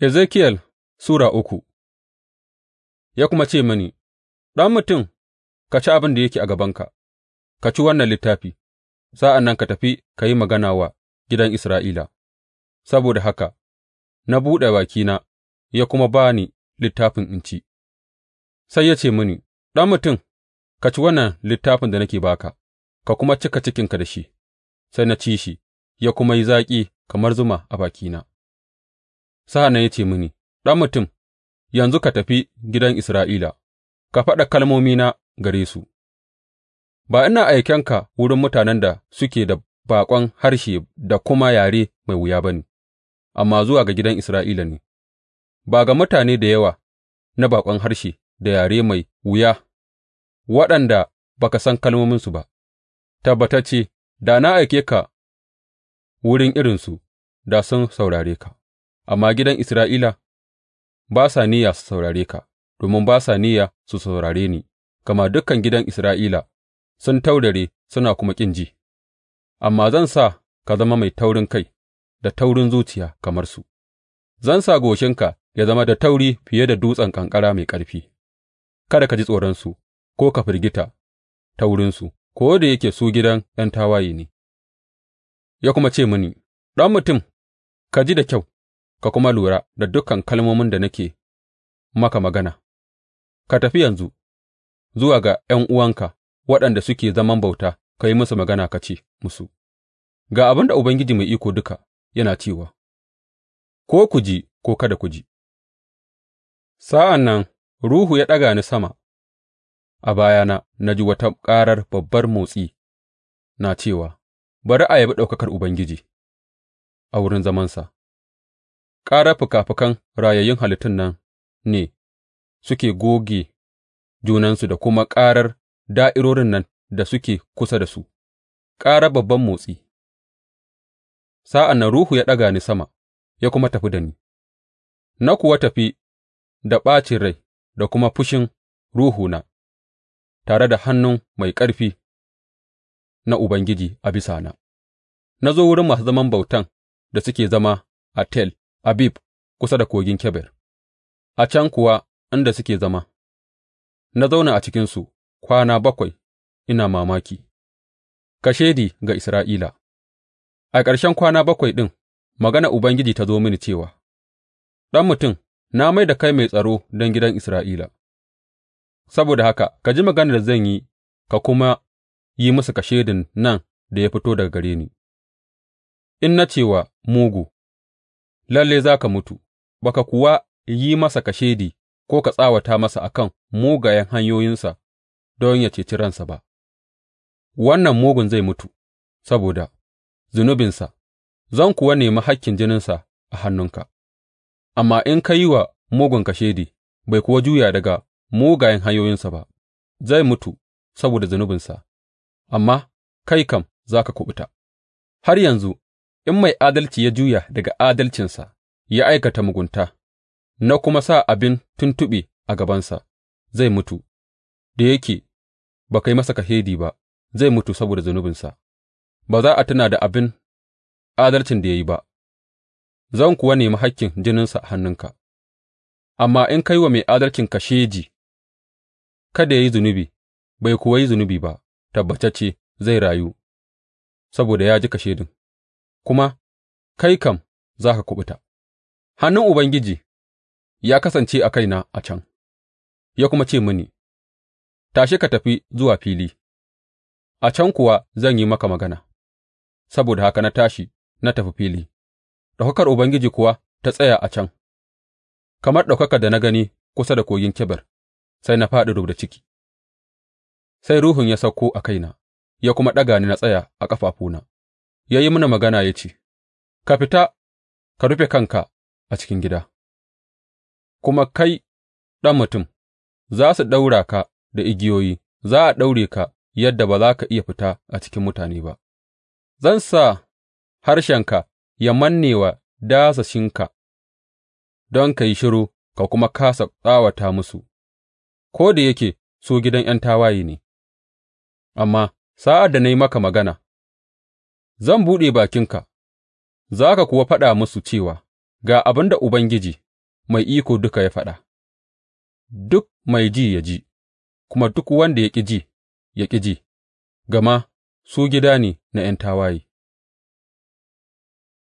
Ezekiyel Sura uku Ya kuma ce mini, Ɗan mutum, ka ci abin da yake a gabanka, ka ci wannan littafi, sa'an nan ka tafi ka yi magana wa gidan Isra'ila, saboda haka na buɗe bakina ya kuma ba ni littafin in ci, sai ya ce mini, Ɗan mutum, ka ci wannan littafin da nake baka, ka kuma cika cikinka da shi, sai na ci shi, ya kuma yi zaƙi kamar zuma a bakina. Sa'an nan ya ce mini, Ɗan mutum, yanzu ka tafi gidan Isra'ila ka faɗa kalmomina gare su, ba ina aiken ka wurin mutanen da suke da baƙon harshe da kuma yare mai wuya ba ne, amma zuwa ga gidan Isra'ila ne, ba ga mutane da yawa na baƙon harshe da yare mai wuya waɗanda ba ka san kalmominsu ba, tabbatacce, da na aike ka wurin irinsu, da sun saurare ka. Amma gidan Isra'ila ba sa niyya su saurare ka, domin ba sa niyya su saurare ni, gama dukan gidan Isra'ila sun taurare suna kuma ƙin ji, amma zan sa ka zama mai taurin kai da taurin zuciya kamar su, zan sa goshinka ya zama da tauri fiye da dutsen ƙanƙara mai ƙarfi, kada ka ji tsoronsu ko ka firgita ta wurinsu, ko da yake su gidan ’yan tawaye ne. Ya kuma ce mini, Ɗan mutum, ka ji da kyau. ka kuma lura da dukan kalmomin da nake maka magana, ka tafi yanzu zuwa ga ’yan'uwanka waɗanda suke zaman bauta ka yi musu magana ka ce musu, Ga abin da Ubangiji Mai Iko Duka yana cewa, Ko ku ji ko kada ku ji. Sa'an nan Ruhu ya ɗaga ni sama, a bayana na ji wata ƙarar babbar motsi na cewa, Bari a yabi ɗaukakar Ubangiji a wurin zamansa. Ƙarar fikafikan rayayyun halittun nan ne suke goge junansu da kuma ƙarar da'irorin nan da suke kusa da su, ƙarar babban motsi. Sa'an nan Ruhu ya ɗaga ni sama ya kuma tafi da ni, na kuwa tafi da ɓacin rai da kuma fushin ruhuna, tare da hannun mai ƙarfi na Ubangiji a bisana, na zo wurin masu zaman bautan da suke zama a Tel Abib kusa da kogin Kebar, a can kuwa inda suke zama, na zauna a cikinsu kwana bakwai ina mamaki, kashedi ga Isra'ila. A ƙarshen kwana bakwai ɗin magana Ubangiji ta zo mini cewa, Ɗan mutum, na mai da kai mai tsaro don gidan Isra'ila, saboda haka ka ji maganar da zan yi ka kuma yi musu kashedin nan da ya fito daga gare ni, in na ce mugu. lalle za ka mutu, ba ka kuwa yi masa kashedi ko ka tsawata masa a kan mugayen hanyoyinsa don ya ceci ransa ba, wannan mugun zai mutu saboda zunubinsa, zan kuwa nemi hakkin jininsa a hannunka, amma in ka yi wa mugun kashedi bai kuwa juya daga mugayen hanyoyinsa ba, zai mutu saboda zunubinsa, amma kai kam za ka kuɓuta, har yanzu in mai adalci ya juya daga adalcinsa ya aikata mugunta, na kuma sa abin tuntuɓe a gabansa, zai mutu, da yake ba ka yi masa kahedi ba, zai mutu saboda zunubinsa, ba za a tuna da abin adalcin da ya yi ba, zan kuwa nemi hakkin jininsa a hannunka, amma in ka yi wa mai adalcin kashedi, kada ya yi zunubi, bai kuwa yi zunubi ba, tabbatacce zai rayu, saboda ya ji kashedin. kuma kai kam za ka kuɓuta; hannun Ubangiji ya kasance a kaina a can, ya kuma ce mini, Tashi ka tafi zuwa fili, a can kuwa zan yi maka magana, saboda haka na tashi na tafi fili, ɗaukakar Ubangiji kuwa ta tsaya a can, kamar ɗaukakar da na gani kusa da kogin Kebar, sai na faɗi rubda ciki, sai Ruhun ya sauko a kaina, ya kuma ɗaga ni na tsaya a ƙafafuna. ya yi mini magana ya ce, Ka fita ka rufe kanka a cikin gida, kuma kai, ɗan mutum, za su ɗaura ka da igiyoyi, za a ɗaure ka yadda ba za ka iya fita a cikin mutane ba, zan sa harshenka ya manne wa dasashinka don ka yi shiru ka kuma kāsa tsawata musu, ko da yake su gidan ’yan tawaye ne, amma sa'ad da na yi maka magana. Zan buɗe bakinka, za ka kuwa faɗa musu cewa, Ga abin da Ubangiji Mai Iko Duka ya faɗa,’ duk mai ji ya ji, kuma duk wanda ya ƙi ji, ya ƙi ji, gama su gida ne na ’yan tawaye.